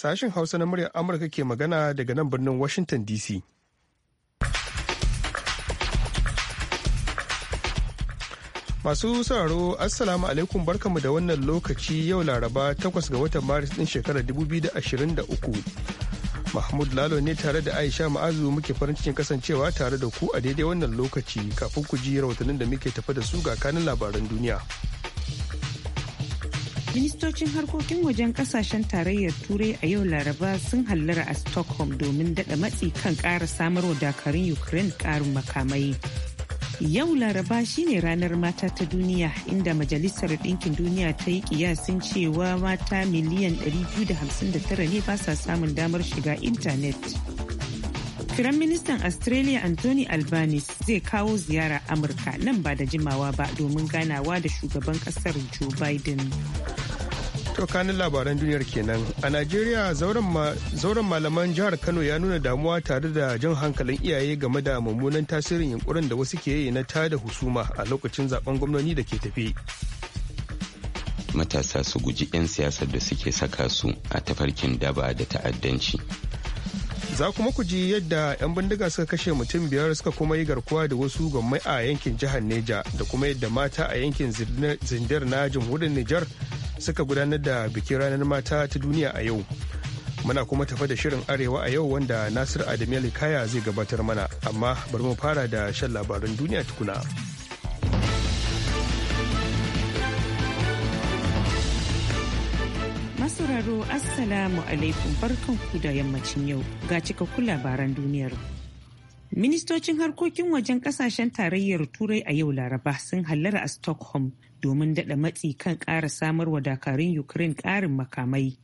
Sashen Hausa na muryar Amurka ke magana daga nan birnin Washington DC. Masu sauraro Assalamu alaikum barkamu da wannan lokaci yau Laraba takwas ga watan Maris din shekarar 2023. Mahmud Lalo ne tare da Aisha Ma'azu muke farin cikin kasancewa tare da ku a daidai wannan lokaci kafin ku ji rahotannin da muke tafa da su ga kanin labaran duniya. ministocin harkokin wajen kasashen tarayyar turai a yau laraba sun hallara a stockholm domin daɗa matsi kan ƙara samarwa dakarun ukraine karin makamai yau laraba shine ranar mata ta duniya inda majalisar ɗinkin duniya ta yi kiyasin cewa mata miliyan 259 ne ba sa samun damar shiga intanet Firan ministan Australia Anthony Albanese zai kawo ziyara Amurka nan ba da jimawa ba domin ganawa da shugaban kasar Joe Biden. To kanin labaran duniyar kenan a Najeriya zauren malaman jihar Kano ya nuna damuwa tare da jan hankalin iyaye game da mummunan tasirin yunkurin da wasu ke yi na tada husuma a lokacin zaben gwamnoni da ke tafi. Matasa su guji 'yan siyasar da suke saka su a tafarkin daba da ta'addanci. Za kuma ku ji yadda 'yan bindiga suka kashe mutum biyar suka kuma yi garkuwa da wasu gwamnati a yankin jihar Neja da kuma yadda mata a yankin zindar na jamhuriyar Nijar suka gudanar da bikin ranar mata ta duniya a yau muna kuma tafa da shirin arewa a yau wanda nasir adam kaya zai gabatar mana amma bari mu fara da shan labaran duniya tukuna masauraro assalamu alaikum barkanku da yammacin yau ga cikakkun labaran duniyar Ministocin harkokin wajen kasashen tarayyar Turai a yau Laraba sun hallara a Stockholm domin daɗa matsi kan ƙara wa dakarun Ukraine ƙarin makamai.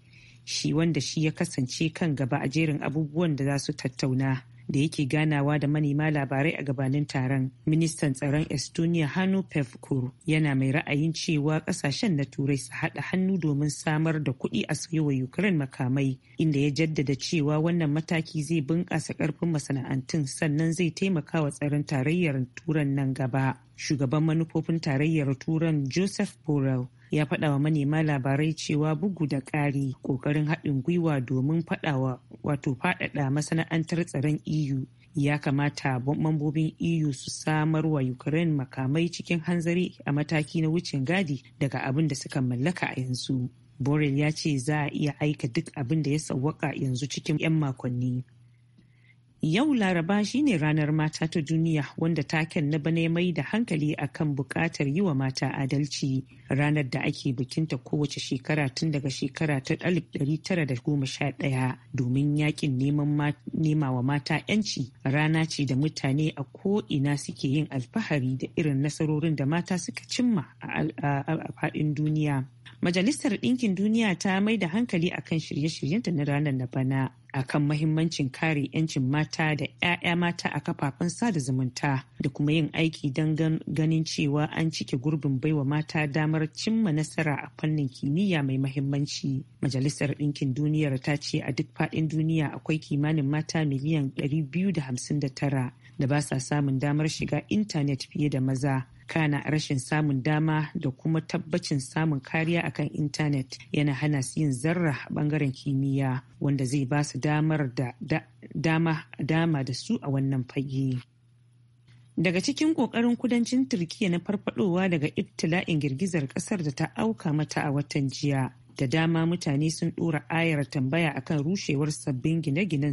Shi wanda shi ya kasance kan gaba a jerin abubuwan da za su tattauna. da yake ganawa da manema labarai a gabanin taron ministan tsaron estonia hannu pevkur yana mai ra'ayin cewa kasashen na turai su haɗa hannu domin samar da kuɗi a wa ukraine makamai inda ya jaddada cewa wannan mataki zai bunƙasa ƙarfin masana'antun sannan zai taimaka wa tsaron tarayyar turan nan gaba shugaban manufofin tarayyar turan joseph borrell ya faɗa wa manema labarai cewa bugu da ƙari ƙoƙarin haɗin gwiwa domin faɗawa wato faɗaɗa masana'antar tsaron eu ya kamata mambobin eu su samar wa ukraine makamai cikin hanzari a mataki na wucin gadi daga abin da suka mallaka a yanzu borel ya ce za a iya aika duk abin da ya sawwaka yanzu cikin 'yan makonni Yau Laraba shine ranar mata ta duniya wanda taken na bana mai da hankali akan bukatar yi wa mata adalci ranar da ake bikinta kowace shekara tun daga shekara ta 1911 domin yakin neman nema wa mata 'yanci rana ce da mutane a ko'ina suke yin alfahari da irin nasarorin da mata suka cimma a faɗin duniya. Majalisar Ɗinkin Duniya ta mai da hankali akan shirye-shiryenta na ranar na bana akan mahimmancin kare 'yancin mata da 'ya'ya mata a kafafen sada zumunta da kuma yin aiki don ganin cewa an cike gurbin baiwa mata damar cimma nasara a fannin kimiyya mai mahimmanci. Majalisar Ɗinkin Duniyar ta ce a duk faɗin duniya akwai kimanin mata miliyan 259 da ba sa samun damar shiga intanet fiye da maza. kana rashin samun dama da kuma tabbacin samun kariya akan intanet yana hana su yin zarra bangaren kimiyya wanda zai ba su damar da dama dama da su a wannan fage. daga cikin kokarin kudancin turkiya na farfadowa daga ibtila'in girgizar kasar da ta auka mata a watan jiya da dama mutane sun dora ayar tambaya akan rushewar sabbin gine gine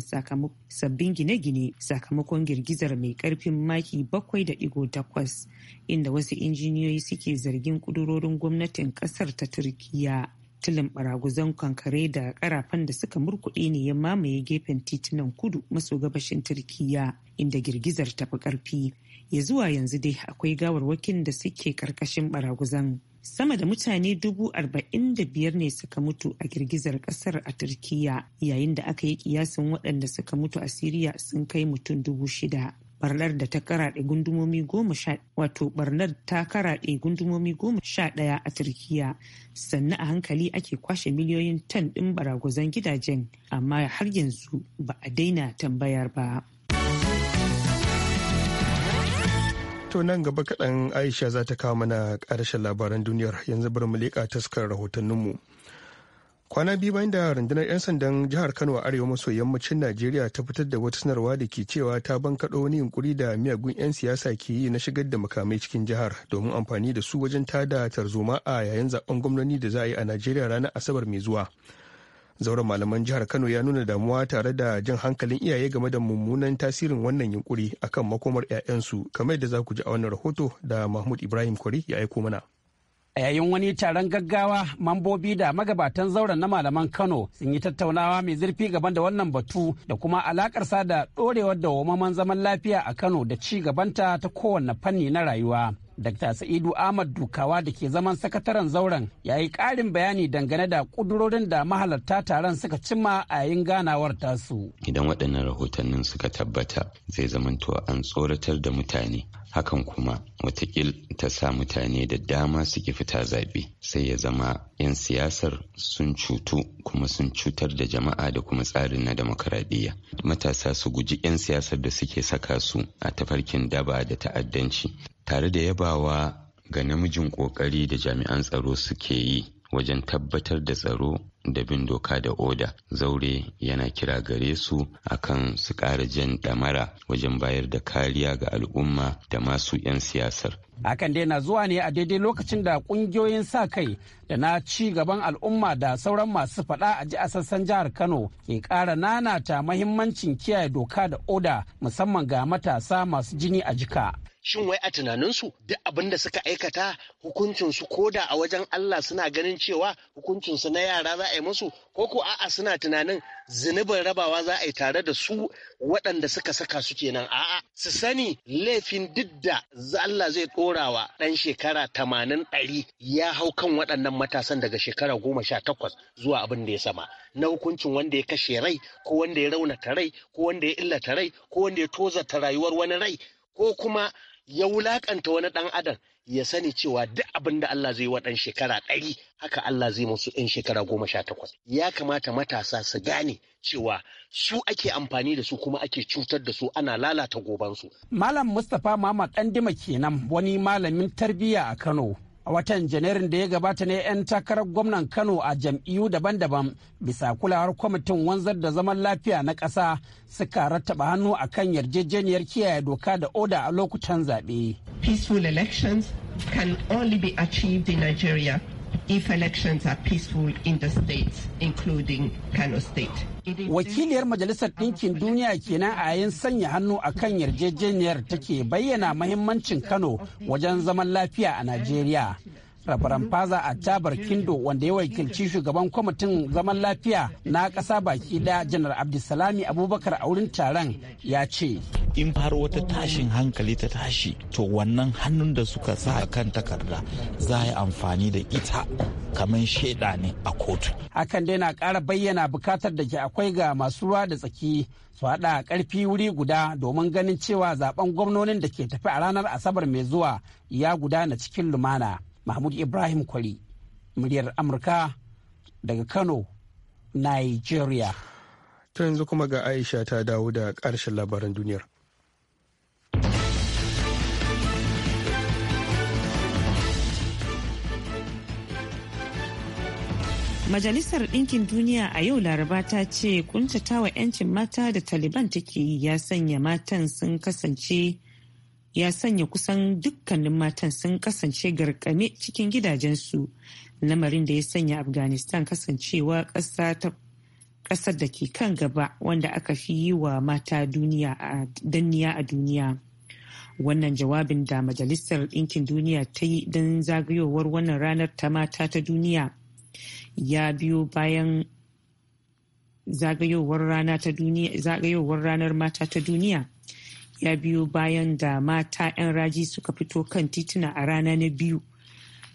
sakamakon girgizar mai karfin maki 7.8 inda wasu injiniyoyi suke zargin kudurorin gwamnatin kasar ta turkiya tilin baraguzan kankare da karafan da suka murkuɗe ne ya mamaye gefen titunan kudu maso gabashin turkiya inda girgizar tafi karfi ya zuwa yanzu dai akwai gawarwakin da suke karkashin baraguzan sama da mutane dubu arba'in da biyar ne suka mutu a girgizar kasar a turkiya yayin da aka yi kiyasin waɗanda suka mutu a siriya sun kai mutum dubu shida barnar da ta karaɗe gundumomi goma sha wato barnar ta karaɗe gundumomi goma sha ɗaya a turkiya sannan a hankali ake kwashe miliyoyin tan ɗin baragwazon gidajen amma har yanzu ba a daina tambayar ba To nan gaba kaɗan Aisha za ta kawo mana ƙarshen labaran duniyar yanzu bari mu leƙa taskar rahotanninmu. Kwana biyu bayan da rundunar 'yan sandan jihar Kano a arewa maso yammacin Najeriya ta fitar da wata sanarwa da ke cewa ta bankaɗo wani yunkuri da miyagun 'yan siyasa ke yi na shigar da makamai cikin jihar domin amfani da su wajen tada tarzoma a yayin zaben gwamnoni da za a yi a Najeriya ranar Asabar mai zuwa. zauren malaman jihar kano ya nuna damuwa tare da jin hankalin iyaye game da mummunan tasirin wannan yunkuri akan makomar 'ya'yansu kamar yadda za ku ji a wannan rahoto da mahmud ibrahim kwari ya aiko mana A yayin wani taron gaggawa, mambobi da magabatan zauren na malaman Kano sun yi tattaunawa mai zurfi gaban da wannan batu da kuma alakarsa da ɗorewar dawwamaman zaman lafiya a Kano da ci gabanta ta kowanne fanni na rayuwa. Dr. Sa'idu Ahmad Dukawa da ke zaman sakataren zauren ya yi ƙarin bayani dangane da ƙudurorin da mahalarta taron suka cimma a yayin ganawar tasu. Idan waɗannan rahotannin suka tabbata zai zamanto an tsoratar da mutane hakan kuma watakil ta sa mutane da dama suke fita zaɓe sai ya zama 'yan siyasar sun cutu kuma sun cutar da jama'a da kuma tsarin na demokaradiyya matasa su guji 'yan siyasar da suke saka su a tafarkin daba da ta'addanci tare da yabawa ga namijin ƙoƙari da jami'an tsaro suke yi wajen tabbatar da tsaro da bin doka da oda zaure yana kira gare su akan su ƙara jan damara wajen bayar da kariya ga al'umma da masu 'yan siyasar hakan dai na zuwa ne a daidai lokacin da kungiyoyin sa kai da na ci gaban al'umma da sauran masu faɗa a ji a sassan jihar kano ke ƙara nanata mahimmancin kiyaye doka da oda musamman ga matasa masu jini a jika shin wai a tunaninsu duk abin da suka aikata hukuncinsu ko da a wajen Allah suna ganin cewa hukuncinsu na yara za a yi musu ko ko a'a suna tunanin zunubin rabawa za a yi tare da su waɗanda suka saka su kenan a'a su sani laifin duk da Allah zai ɗorawa ɗan shekara tamanin ɗari ya hau kan waɗannan matasan daga shekara goma sha takwas zuwa abin da ya sama na hukuncin wanda ya kashe rai ko wanda ya raunata rai ko wanda ya illata rai ko wanda ya tozata rayuwar wani rai ko kuma ya wulakanta wani ɗan adam ya sani cewa duk abin da Allah zai wa ɗan shekara ɗari haka Allah zai musu ɗan shekara goma sha takwas. Ya kamata matasa su gane cewa su ake amfani da su kuma ake cutar da su ana lalata gobansu. Malam Mustapha Mama Ɗandima kenan wani malamin tarbiyya a Kano. a watan janairun da ya gabata ne 'yan takarar gwamnan kano a jam'iyyu daban-daban bisa kulawar kwamitin wanzar da zaman lafiya na ƙasa suka rattaba hannu a kan yarjejeniyar kiyaye doka da oda a lokutan zaɓe. can be if elections are peaceful in the states, including Kano State. Wakiliyar Majalisar Ɗinkin Duniya kenan a yayin sanya hannu a kan yarjejeniyar take bayyana mahimmancin Kano wajen zaman lafiya a Najeriya. rabaran faza a jabar kindo wanda ya wakilci shugaban kwamitin zaman lafiya na ƙasa baki da janar abdulsalami abubakar a wurin taron ya ce in har wata tashin hankali ta tashi to wannan hannun da suka sa kan takarda za a yi amfani da ita kamar shaida ne a kotu hakan dai na ƙara bayyana bukatar da ke akwai ga masu ruwa da tsaki su haɗa karfi wuri guda domin ganin cewa zaben gwamnonin da ke tafi a ranar asabar mai zuwa ya gudana cikin lumana mahmud ibrahim kwari muryar amurka daga kano nigeria ta yanzu kuma ga aisha ta dawo da ƙarshen labaran duniyar Majalisar Ɗinkin Duniya a yau Laraba ta ce kuntatawa 'yancin mata da Taliban take yi ya sanya matan sun kasance ya sanya kusan dukkanin matan sun kasance garkame cikin gidajensu lamarin da ya sanya afghanistan kasancewa ƙasar da ke kan gaba wanda aka fi yi wa mata danniya a duniya wannan jawabin da majalisar ɗinkin duniya ta yi don zagayowar wannan ranar ta mata ta duniya ya biyo bayan zagayowar ranar mata ta duniya ya biyo bayan da mata 'yan raji suka fito kan tituna a rana na biyu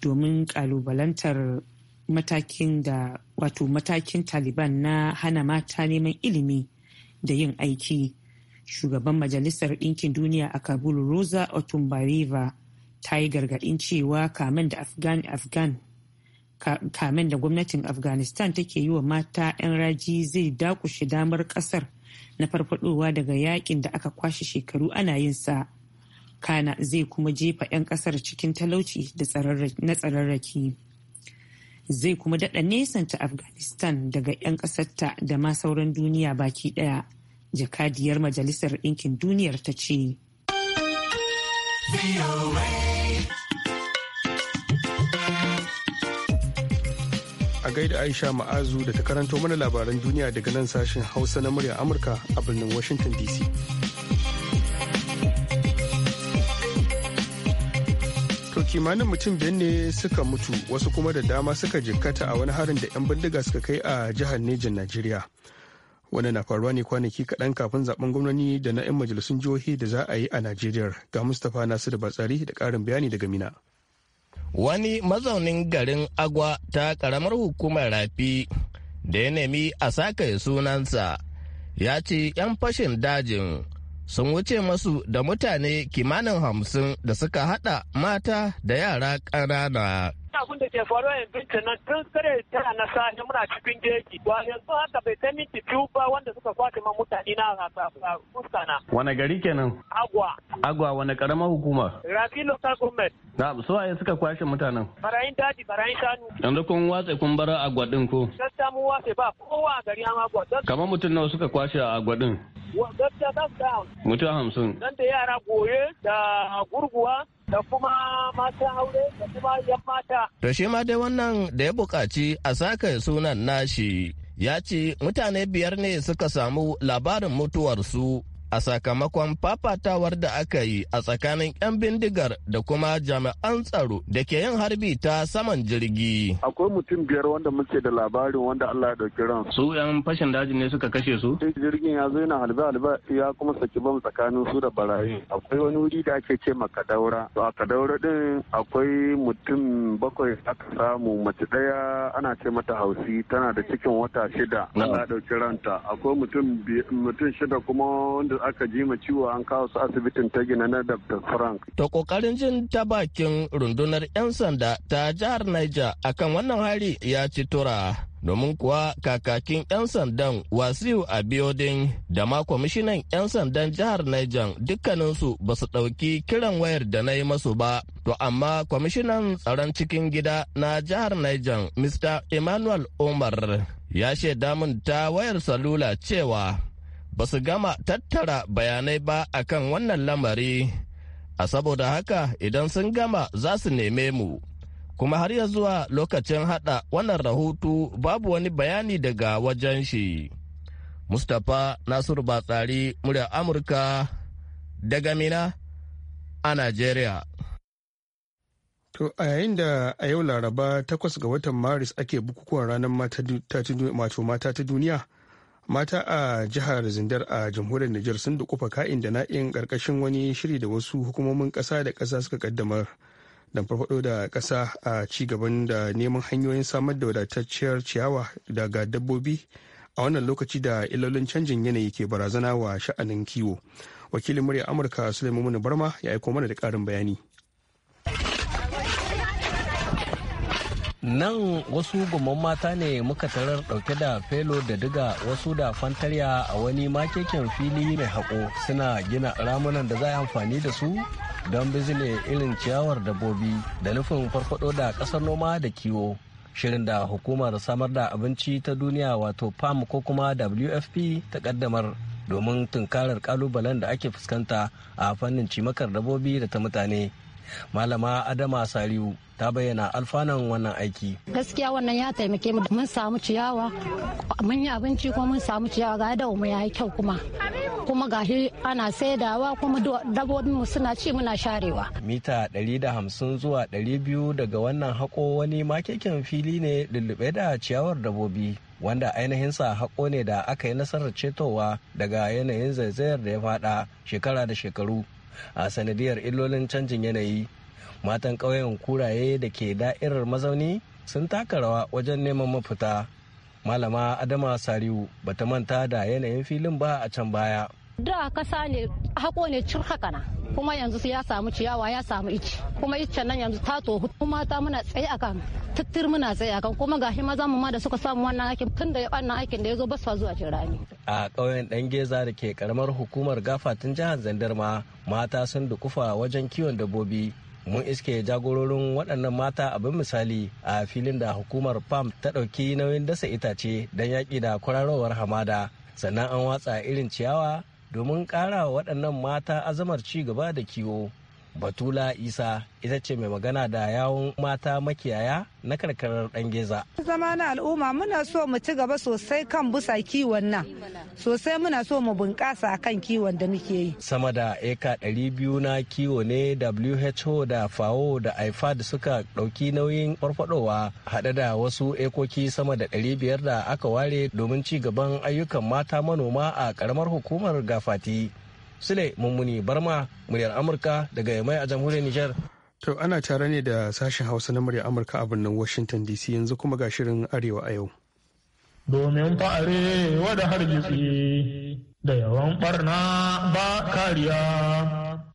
domin kalubalantar matakin da wato matakin taliban na hana mata neman ilimi da yin aiki shugaban majalisar ɗinkin duniya a kabul rosa otumbariva ta yi gargaɗin cewa kamen da afghan afghan kamen da gwamnatin afghanistan take yi wa mata 'yan raji zai dakushe damar kasar na farfadowa daga yakin da aka kwashe shekaru ana yin sa kana zai kuma jefa 'yan kasar cikin talauci na tsararraki zai kuma daɗa nesanta afghanistan daga 'yan ƙasarta da ma sauran duniya baki ɗaya jakadiyar majalisar ɗinkin duniyar ta ce a gaida Aisha Ma'azu da ta karanto mana labaran duniya daga nan sashen Hausa na murya Amurka a birnin Washington DC. To kimanin mutum biyar ne suka mutu wasu kuma da dama suka jikkata a wani harin da 'yan bindiga suka kai a jihar Nejin Najeriya. Wannan na faruwa ne kwanaki kaɗan kafin zaben gwamnati da na 'yan majalisun jihohi da za a yi a Najeriya ga Mustapha Nasiru Batsari da ƙarin bayani daga Mina. wani mazaunin garin agwa ta karamar hukumar rafi da ya nemi a saka sunansa ya ce 'yan fashin dajin sun wuce masu da mutane kimanin hamsin da suka hada mata da yara ƙanana abin da ke faruwa yanzu kenan tun kare tara na safe muna cikin jeji wa yanzu haka bai kai minti biyu ba wanda suka kwace man mutane na fuska na. Wane gari kenan? Agwa. Agwa wane karamar hukuma? Rafi local government. Na su waye suka kwashe mutanen? Barayin daji barayin shanu. Yanzu kun watse kun bar agwa din ko? Gaskiya mun watse ba kowa a gari an agwa. Kamar mutum nawa suka kwashe a agwa din? Gaskiya Mutum hamsin. Dan da yara goye da gurguwa da kuma mata aure da kuma yan mata. To shi ma dai wannan da ya buƙaci a saka sunan nashi ya ce mutane biyar ne suka samu labarin mutuwarsu a sakamakon fafatawar da aka yi a tsakanin 'yan bindigar da kuma jami'an tsaro da ke yin harbi ta saman jirgi. Akwai mutum biyar wanda muke da labarin wanda Allah ya ɗauki ran. Su 'yan fashin daji ne suka kashe su? Jirgin ya zo yana halbe halbe ya kuma saki bam tsakanin su da barayi. Akwai wani wuri da ake ce makadaura. To a kadaura din akwai mutum bakwai aka samu mace ɗaya ana ce mata hausi tana da cikin wata shida. Allah ya ɗauki ranta. Akwai mutum shida kuma wanda aka ji ma ciwo an kawo su asibitin ta gina na Dr. Frank. To kokarin jin ta bakin rundunar 'yan sanda ta jihar Niger akan wannan hari ya ci tura. Domin kuwa kakakin 'yan sandan Wasiu Abiodin, da ma kwamishinan 'yan sandan jihar Niger dukkaninsu ba su ɗauki kiran wayar da na yi masu ba. To amma kwamishinan tsaron cikin gida na jihar Niger Mr. Emmanuel Omar ya shaida min ta wayar salula cewa ba su gama tattara bayanai ba a kan wannan lamari a saboda haka idan sun gama za su neme mu kuma har ya zuwa lokacin hada wannan rahoto babu wani bayani daga wajen shi mustapha nasiru batsari murya amurka daga mina a nigeria. To a yayin da a yau Laraba takwas ga watan Maris ake bukukuwan ranar mata ta duniya mata a jihar zindar a jamhuriyar niger sun dukufa ka'in da na'in karkashin wani shiri da wasu hukumomin kasa da kasa suka kaddamar don farfado da kasa a ci gaban da neman hanyoyin samar da wadatacciyar ciyawa daga dabbobi a wannan lokaci da ilolin canjin yanayi ke barazana wa sha'anin kiwo wakilin murya amurka suleiman barma ya aiko mana da karin bayani nan wasu gumman mata ne muka tarar dauke da felo da diga wasu da fantarya a wani makeken fili mai haƙo suna gina ramunan da za a amfani da su don bizine irin ciyawar dabbobi da nufin farfado da ƙasar noma da kiwo shirin da hukumar samar da abinci ta duniya wato pam ko kuma wfp ta kaddamar domin tunkarar kalubalen da ake fuskanta a fannin cimakar dabbobi da ta mutane Malama Adama Saliu ta bayyana alfanan wannan aiki. Gaskiya wannan ya taimake mu mun samu ciyawa mun yi abinci kuma mun samu ciyawa ga da mu yayi kyau kuma. Kuma gashi ana saidawa kuma dabbobin mu suna ci muna sharewa. Mita 150 zuwa 200 daga wannan hako wani makekin fili ne lullube da ciyawar dabbobi. wanda ainihin sa haƙo ne da aka yi nasarar cetowa daga yanayin zaizayar da ya fada shekara da shekaru a sanadiyar illolin canjin yanayi matan ƙauyen kuraye da ke da'irar mazauni sun taka rawa wajen neman mafita malama adama sariu bata manta da yanayin filin ba a can baya da kasa ne hako ne cin haka na kuma yanzu ya samu ciyawa ya samu ici kuma icen nan yanzu ta tohu kuma ta muna tsaye akan tattir muna tsaye akan kuma ga shi zamu ma da suka samu wannan aikin tun da wannan aikin da ya zo ba su zuwa cin rani a ƙauyen dan geza da ke karamar hukumar tun jihar zandarma mata sun dukufa wajen kiwon dabbobi mun iske jagororin waɗannan mata abin misali a filin da hukumar pam ta ɗauki nauyin dasa itace don yaƙi da kwararowar hamada sannan an watsa irin ciyawa domin ƙara waɗannan mata azamar ci gaba da kiwo Batula Isa ita ce mai magana da yawun mata makiyaya na karkarar dan geza Zama na al'umma muna so mu ci gaba sosai kan busa kiwon nan. Sosai muna so mu bunƙasa kan kiwon da muke yi. Sama da eka 200 na kiwo ne WHO da FAO da IFAD suka ɗauki nauyin farfadowa haɗe da wasu ekoki sama da 500 da aka ware domin ci gaban ayyukan mata manoma a karamar hukumar Gafati. Sule Mummuni Barma muryar Amurka daga Yamai a jamhuriyar Nijar. To ana tare ne da sashen Hausa na muryar Amurka a birnin Washington DC yanzu kuma ga shirin Arewa a yau. Domin fa'are da hargitsi da yawan barna ba kariya.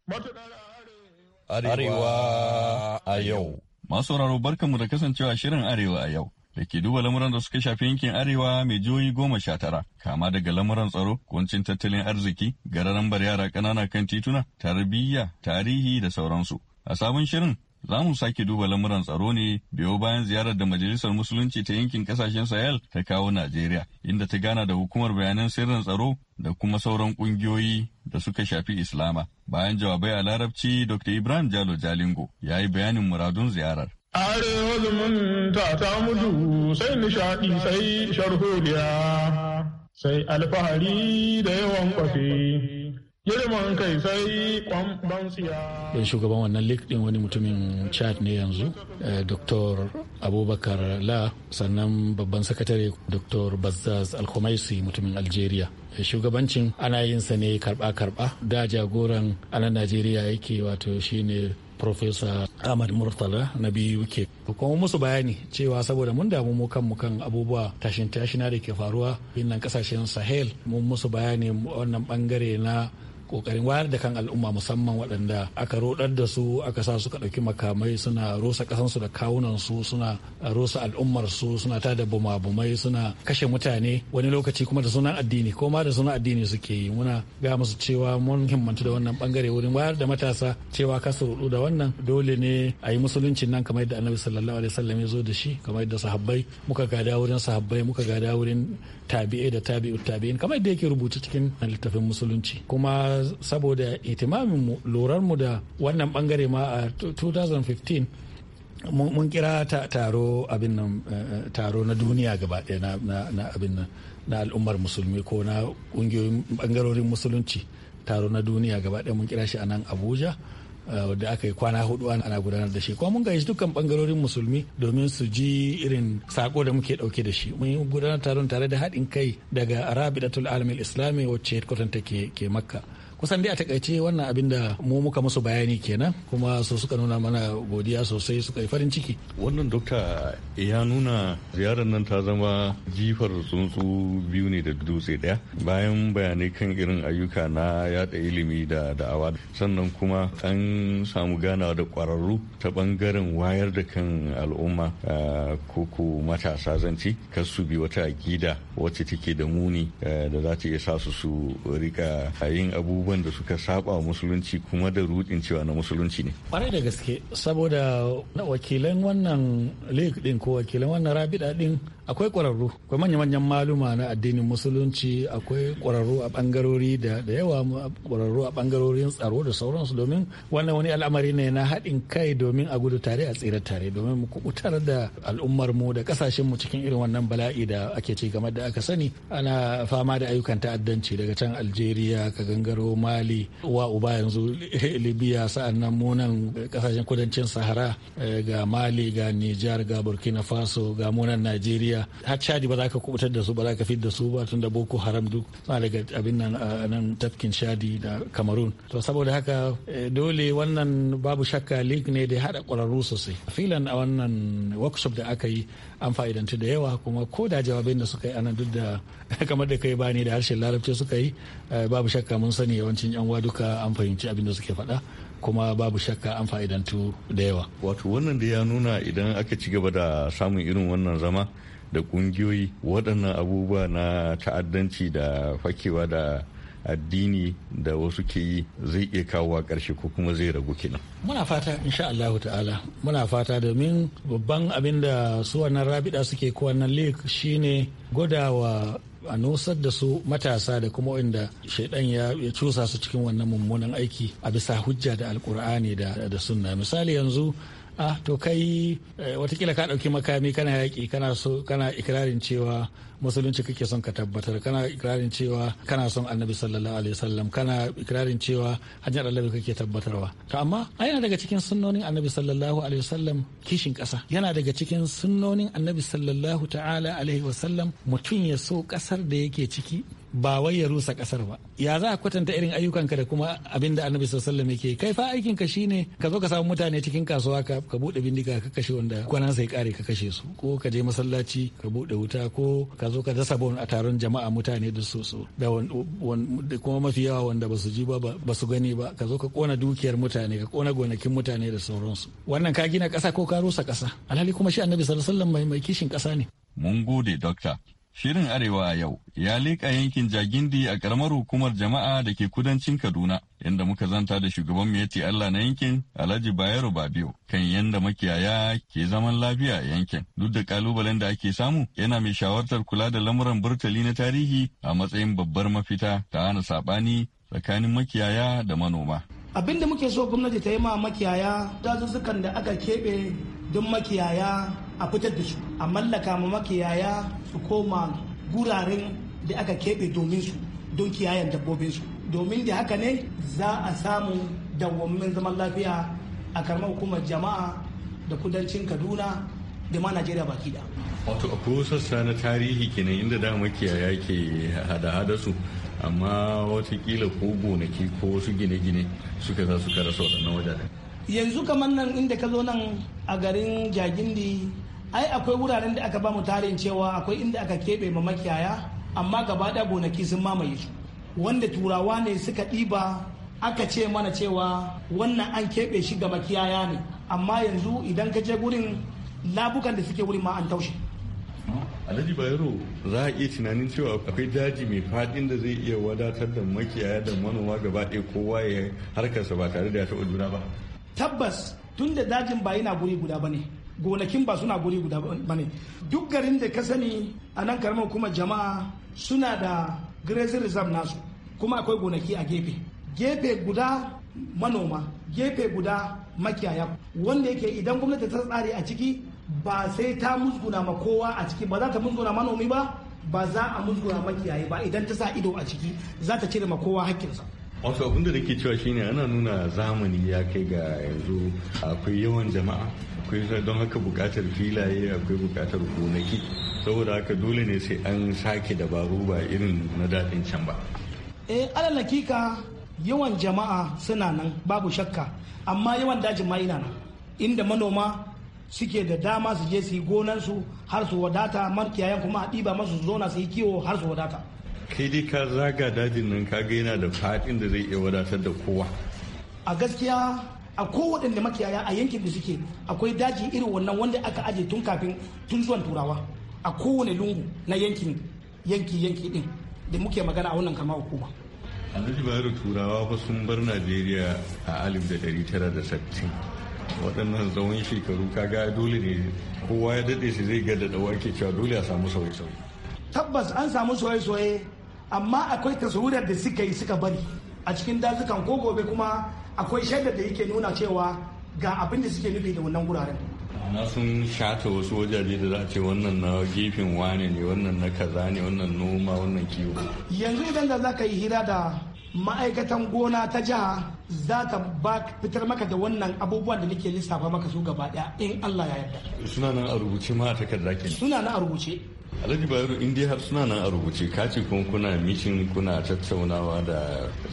Arewa a yau. Masu sauraro barkanmu da kasancewa shirin Arewa a yau. da ke duba lamuran da suka shafi yankin arewa mai jihohi goma sha tara kama daga lamuran tsaro kuncin tattalin arziki gararan bar yara ƙanana kan tituna tarbiyya tarihi da sauransu a sabon shirin za mu sake duba lamuran tsaro ne biyo bayan ziyarar da majalisar musulunci ta yankin kasashen sahel ta kawo najeriya inda ta gana da hukumar bayanan sirrin tsaro da kuma sauran kungiyoyi da suka shafi islama bayan jawabai a larabci dr ibrahim jalo jalingo ya yi bayanin muradun ziyarar are zumunta ta mutu sai nishaɗi sai sharholiya sai alfahari da yawan kwafe. Girman kai sai kwamban siya. shugaban wannan lik ɗin wani mutumin Chad ne yanzu, eh, Dr. Abubakar La, sannan babban sakatare Dr. Bazzaz Alkhomaisi mutumin Algeria. Eh, shugabancin ana yin sa ne karba karba da jagoran ana najeriya yake wato shine Profesa Ahmad Murtala na biyu ke kuma musu bayani cewa saboda mun damu mu kan mu kan abubuwa tashin tashina da ke faruwa nan kasashen Sahel mun musu bayani wannan bangare na kokarin wayar da kan al'umma musamman waɗanda aka rodar da su aka sa suka ɗauki makamai suna rusa ƙasansu da kawunan su suna rusa al'ummar su suna da bumabumai suna kashe mutane wani lokaci kuma da sunan addini ko ma da sunan addini suke yi muna ga musu cewa mun himmantu da wannan bangare wurin wayar da matasa cewa kasu rudu da wannan dole ne a yi musuluncin nan kamar yadda annabi sallallahu alaihi wasallam ya zo da shi kamar yadda sahabbai muka gada wurin sahabbai muka gada wurin tabi'ai da tabi'u tabi'in kamar da yake rubuta cikin littafin musulunci kuma saboda itimamin mu lorar mu da wannan bangare ma a 2015 mun kira taro abin nan eh, taro na duniya gaba ɗaya na abin nan na al'ummar musulmi ko na ƙungiyoyin bangarorin musulunci taro na duniya gaba ɗaya mun kira shi a nan abuja Eh, da aka yi kwana hudu ana gudanar da shi kuma mun gayyaci dukkan bangarorin musulmi domin su ji irin sako da muke dauke da shi mun yi gudanar taron tare da haɗin kai daga arabi arabidatul alamin islami wacce headquarter take ke makka kusan dai a takaice wannan abin da mu muka musu bayani kenan kuma su suka nuna mana godiya sosai suka yi farin ciki wannan dokta ya nuna ziyarar nan ta zama jifar tsuntsu biyu ne da dutse daya bayan bayanai kan irin ayyuka na yada ilimi da da'awa sannan kuma an samu ganawa da kwararru ta bangaren wayar da kan al'umma koko matasa zanci kar su bi wata gida wacce take da muni da za ta iya sa su su rika yin abubuwa. abubuwan da suka saba musulunci kuma da rudin cewa na musulunci ne kwarai da gaske saboda wakilan wannan league din ko wakilan wannan rabida din akwai ƙwararru akwai manya-manyan maluma na addinin musulunci akwai ƙwararru a bangarori da yawa ƙwararru a bangarorin tsaro da sauransu domin wannan wani al'amari ne na haɗin kai domin a gudu tare a tsira tare domin mu kubutar da al'ummar mu da kasashen mu cikin irin wannan bala'i da ake ci game da aka sani ana fama da ayyukan ta'addanci daga can Algeria ka gangaro Mali wa uba yanzu Libya nan mu nan kasashen kudancin Sahara eh, ga Mali ga Nijar ga Burkina Faso ga munan Najeriya Najeriya har Chadi ba za ka kubutar da su ba za ka fid da su ba tun da Boko Haram duk suna daga abin nan nan tafkin Chadi da Cameroon to saboda haka eh, dole wannan babu shakka league ne da hada kwararru sosai filan a wannan workshop da aka yi an fa'idanci da yawa kuma ko da jawabin da suka yi anan duk da kamar da kai bani da harshen larabci suka yi eh, babu shakka mun sani yawancin yan duka an fahimci abin da suke faɗa kuma babu shakka an fa'idantu da yawa wato wannan da ya nuna idan aka ci gaba da samun irin wannan zama da kungiyoyi waɗannan abubuwa na ta'addanci da fakewa da addini da wasu ke yi zai iya kawo ƙarshe ko kuma zai ragu kenan. Muna fata insha Allah ta'ala muna fata domin babban abin da su wannan rabida suke ko wannan shine gwada wa a nosar da su matasa da kuma wanda shaidan ya cusa su cikin wannan mummunan aiki a bisa hujja da alkur'ani da sunna misali yanzu ah to kai eh, watakila ka ɗauki makami kana yaƙi kana so kana ikirarin cewa musulunci kake son ka tabbatar kana ikirarin cewa kana son annabi sallallahu alaihi wasallam kana ikirarin cewa hanyar annabi kake tabbatarwa to amma yana daga cikin sunnonin annabi sallallahu alaihi wasallam kishin ƙasa yana daga cikin sunnonin annabi sallallahu ta'ala alaihi wasallam mutum ya so ƙasar da yake ciki ba wai ya rusa kasar ba ya za a kwatanta irin ayyukanka da kuma abin da annabi sallallahu yake kai fa aikin ka shine ka zo ka samu mutane cikin kasuwa ka ka bude bindiga ka kashe wanda kwanan sai kare ka kashe su ko ka je masallaci ka bude wuta ko ka zo ka dasa bon a taron jama'a mutane da su su da kuma mafi yawa wanda ba su ji ba ba su gani ba ka zo ka kona dukiyar mutane ka kona gonakin mutane da sauransu wannan ka gina kasa ko ka rusa kasa alhali kuma shi annabi sallallahu alaihi mai kishin kasa ne mun gode dokta Shirin Arewa a yau ya leƙa yankin Jagindi a ƙaramar hukumar jama'a da ke kudancin Kaduna, inda muka zanta da shugaban ce Allah na yankin Alhaji Bayero Babiyo kan yadda makiyaya ke zaman lafiya a yankin. Duk da ƙalubalen da ake samu, yana mai shawartar kula da lamuran burtali na tarihi a matsayin babbar mafita ta hana saɓani tsakanin makiyaya da manoma. Abin da muke so gwamnati ta yi ma makiyaya dazuzzukan da aka keɓe don makiyaya a fitar da su a mallaka ma makiyaya su koma guraren da aka keɓe domin su don kiyayen dabbobin su domin da haka ne za a samu dawwammin zaman lafiya a karamar hukumar jama'a da kudancin kaduna da ma najeriya baki da wato a sassa na tarihi kenan inda da makiyaya ke hada-hada su amma watakila ko gonaki ko wasu gine-gine suka za suka rasa waɗannan wajen. yanzu kamar nan inda ka zo nan a garin jagindi ai akwai wuraren da aka ba mu tarin cewa akwai inda aka keɓe ma makiyaya amma gaba ɗaya gonaki sun mamaye su wanda turawa ne suka ɗiba aka ce mana cewa wannan an keɓe shi ga makiyaya ne amma yanzu idan ka je gurin labukan da suke wurin ma an taushe alhaji bayero za a iya tunanin cewa akwai daji mai fadin da zai iya wadatar da makiyaya da manoma gaba ɗaya kowa ya harkarsa ba tare da ya taɓa juna ba tabbas tunda dajin ba yana guri guda ba ne gonakin ba suna guri guda ba ne duk garin da ka sani a nan karamar kuma jama'a suna da grazing reserve nasu kuma akwai gonaki a gefe gefe guda manoma gefe guda makiyaya wanda yake idan gwamnati ta tsare a ciki ba sai ta musguna ma kowa a ciki ba za ta musguna manomi ba ba za a musguna makiyaye ba idan ta sa ido a ciki za ta cire ma kowa hakkinsa wasu abinda da ke cewa shine ana nuna zamani ya kai ga yanzu akwai yawan jama'a akwai don haka bukatar filaye akwai bukatar gonaki saboda haka dole ne sai an sake dabaru ba irin na daɗin can ba eh alal hakika yawan jama'a suna nan babu shakka amma yawan dajin ma ina nan inda manoma suke da dama su je su yi gonansu har su wadata kuma a ɗiba masu zona su yi kiwo har su wadata kai dai ka zaga dajin nan kaga yana da fadin da zai iya wadatar da kowa a gaskiya a kowaɗanne makiyaya a yankin da suke akwai daji irin wannan wanda aka aje tun kafin tun zuwan turawa a kowane lungu na yankin yanki yanki din da muke magana a wannan kama hukuma alhaji bayero turawa fa sun bar najeriya a alif da ɗari tara da sattin waɗannan tsawon shekaru kaga dole ne kowa ya daɗe shi zai ga da wake cewa dole a samu sauye-sauye tabbas an samu soye-soye amma akwai taswirar da suka yi suka bari a cikin dazukan ko gobe kuma akwai shaidar da yake nuna cewa ga abin da suke nufi da wannan guraren na sun shata wasu wajaje da za a ce wannan na gefen wane ne wannan na kaza ne wannan noma wannan kiwo yanzu idan da za ka yi hira da ma'aikatan gona ta jiha za ta fitar maka da wannan abubuwan da nake lissafa maka su gaba daya in Allah ya yarda. Suna nan a rubuce ma a takarda ke. Suna nan a rubuce. Alhaji Bayero in dai har suna nan a rubuce ka ce kuma kuna mishin kuna tattaunawa da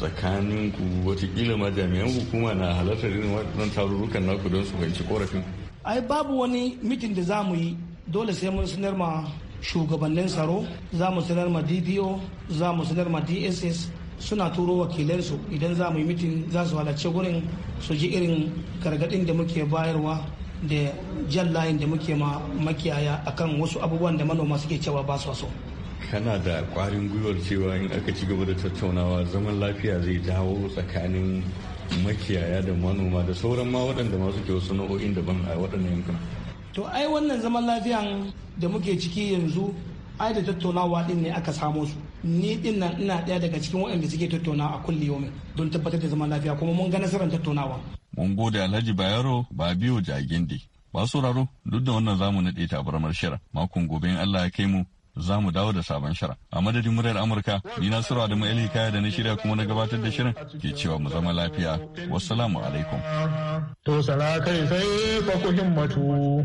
tsakanin ku watakila ma jami'an hukuma na halartar irin waɗannan tarurrukan naku don su fahimci korafin. Ai babu wani mitin da za mu yi dole sai mun sanar ma shugabannin tsaro za mu sanar ma dpo za mu sanar ma dss suna turo wakilansu idan za mu yi mitin za su halarci wurin su ji irin gargadin da muke bayarwa da jan layin da muke ma makiyaya akan wasu abubuwan da manoma suke cewa ba su so. kana da kwarin gwiwar cewa in aka ci gaba da tattaunawa zaman lafiya zai dawo tsakanin makiyaya da manoma da sauran ma waɗanda masu ke wasu nau'o'in daban a waɗannan yankuna. to ai wannan zaman lafiyan da muke ciki yanzu ai da tattaunawa ɗin ne aka samo su ni din nan ina ɗaya daga cikin waɗanda suke tattauna a kulle yomin don tabbatar da zaman lafiya kuma mun ga nasarar tattaunawa. Mun gode Alhaji Bayero ba Babiyo Jagindi. Ba sauraro duk da wannan zamu naɗe tabarmar shira makon gobe in Allah ya kai mu za mu dawo da sabon shira. A madadin muryar Amurka ni na sura da mu'ali kaya da na shirya kuma na gabatar da shirin ke cewa mu zama lafiya. Wassalamu alaikum. To sala kai sai fa ku himmatu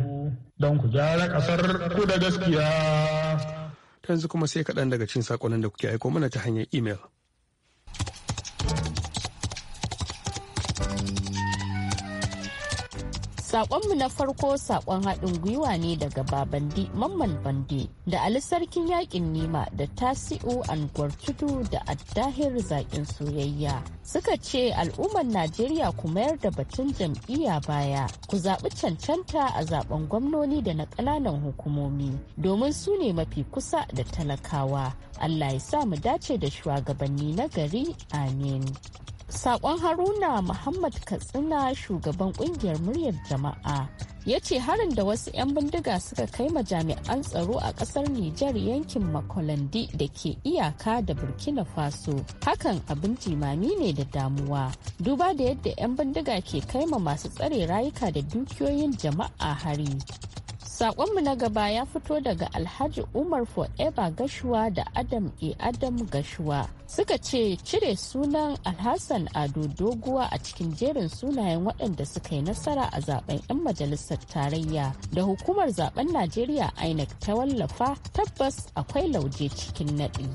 don ku gyara ƙasar ku da gaskiya. yanzu kuma sai kaɗan daga cin saƙonin da kuke aiko mana ta hanyar imel. Sakonmu na farko sakon haɗin gwiwa ne daga Babandi Mamman Bande da Ali Sarkin Yakin Nima da Tasi'u Anguwar Tudu da Addahir zaƙin Soyayya. Suka ce al'ummar Najeriya ku mayar da batun jam'iyya baya, ku zaɓi cancanta a zaben gwamnoni da na ƙananan hukumomi domin su ne mafi kusa da talakawa. Allah ya sa mu dace da shugabanni na gari. Amin. Sakon Haruna Muhammad Katsina shugaban kungiyar muryar jama'a ya ce harin da wasu 'yan bindiga suka kai ma jami'an tsaro a kasar Nijar yankin Makolandi da ke iyaka da Burkina Faso. Hakan abin jimami ne da damuwa. Duba da yadda 'yan bindiga ke kai ma masu tsare rayuka da dukiyoyin jama'a hari. Sakonmu na gaba ya fito daga Alhaji Umar Forever Gashuwa da Adam E. Adam Gashuwa. Suka ce cire sunan Alhassan Ado Doguwa a cikin jerin sunayen waɗanda suka yi nasara a zaben 'yan majalisar tarayya da hukumar zaben Najeriya INEC ta wallafa tabbas akwai lauje cikin naɗi.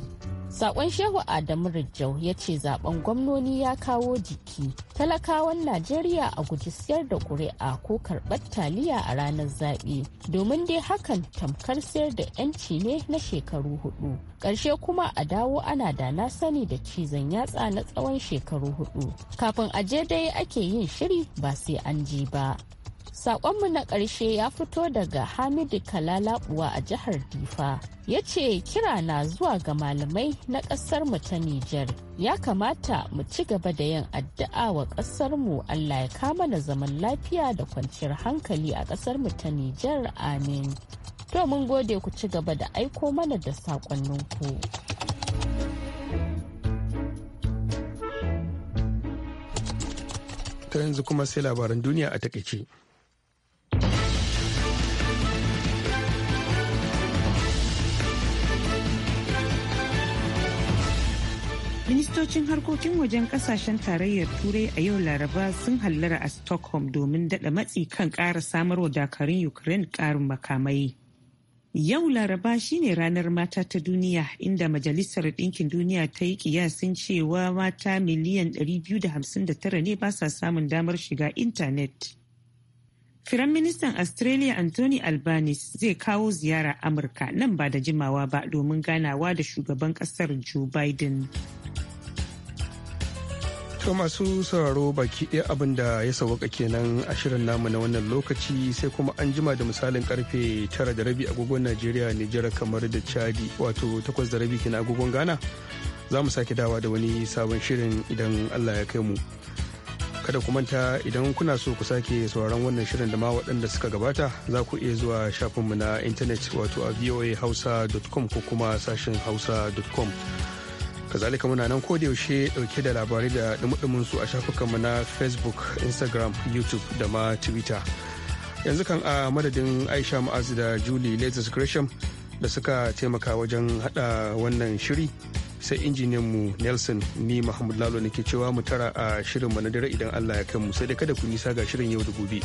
Sakon Shehu Adamu Rijau ya ce zaben gwamnoni ya kawo jiki. Talakawan Najeriya a guji siyar da ƙuri'a ko karɓar taliya a ranar zaɓe. Domin dai hakan tamkar siyar da 'yanci ne na shekaru hudu. Ƙarshe kuma a dawo ana da na sani da cizon yatsa na tsawon shekaru hudu. Kafin aje dai ake yin shiri ba sai an ji ba. Sakonmu na ƙarshe ya fito daga Hamidu Kalalabuwa a jihar Difa. Ya ce kira na zuwa ga malamai na ƙasar mu ta Nijar. Ya kamata mu ci gaba da yin addu'a wa ƙasar mu Allah ya kama na zaman lafiya da kwanciyar hankali a ƙasar mu ta Nijar. Amin. To mun gode ku ci gaba da aiko mana da ku. Ta yanzu kuma sai labaran duniya a takaice. ministocin harkokin wajen kasashen tarayyar turai a yau laraba sun hallara a stockholm domin dada matsi kan kara samarwa dakarun ukraine ƙarin makamai Yau Laraba shine ranar mata ta duniya inda Majalisar Ɗinkin Duniya ta yi kiyasin cewa mata miliyan 259 ne ba sa samun damar shiga intanet. Firaministan Australia Anthony Albanese zai kawo ziyara Amurka nan ba da jimawa ba domin ganawa da shugaban kasar Joe Biden. To masu sauraro baki ɗaya abin da ya sauwaka kenan a shirin namu na wannan lokaci sai kuma an jima da misalin karfe tara da rabi agogon Najeriya jira kamar da Chadi wato takwas da rabi kenan agogon Ghana. Za mu sake dawa da wani sabon shirin idan Allah ya kai mu. kada ku manta idan kuna so ku sake sauraron wannan shirin da ma waɗanda suka gabata za ku iya zuwa shafinmu na intanet wato a voahausa.com ko kuma sashen hausa.com kazalika muna nan ko da yaushe dauke da labarai da dumudumin su a shafukanmu na facebook instagram youtube da ma twitter yanzu kan a madadin aisha ma'azu da julie latest gresham da suka taimaka wajen hada wannan shiri sai injiniyan mu Nelson ni Mahmud Lalo ke cewa mu tara a shirin mu na dare idan Allah ya kai mu sai dai kada ku nisa ga shirin yau da gobe.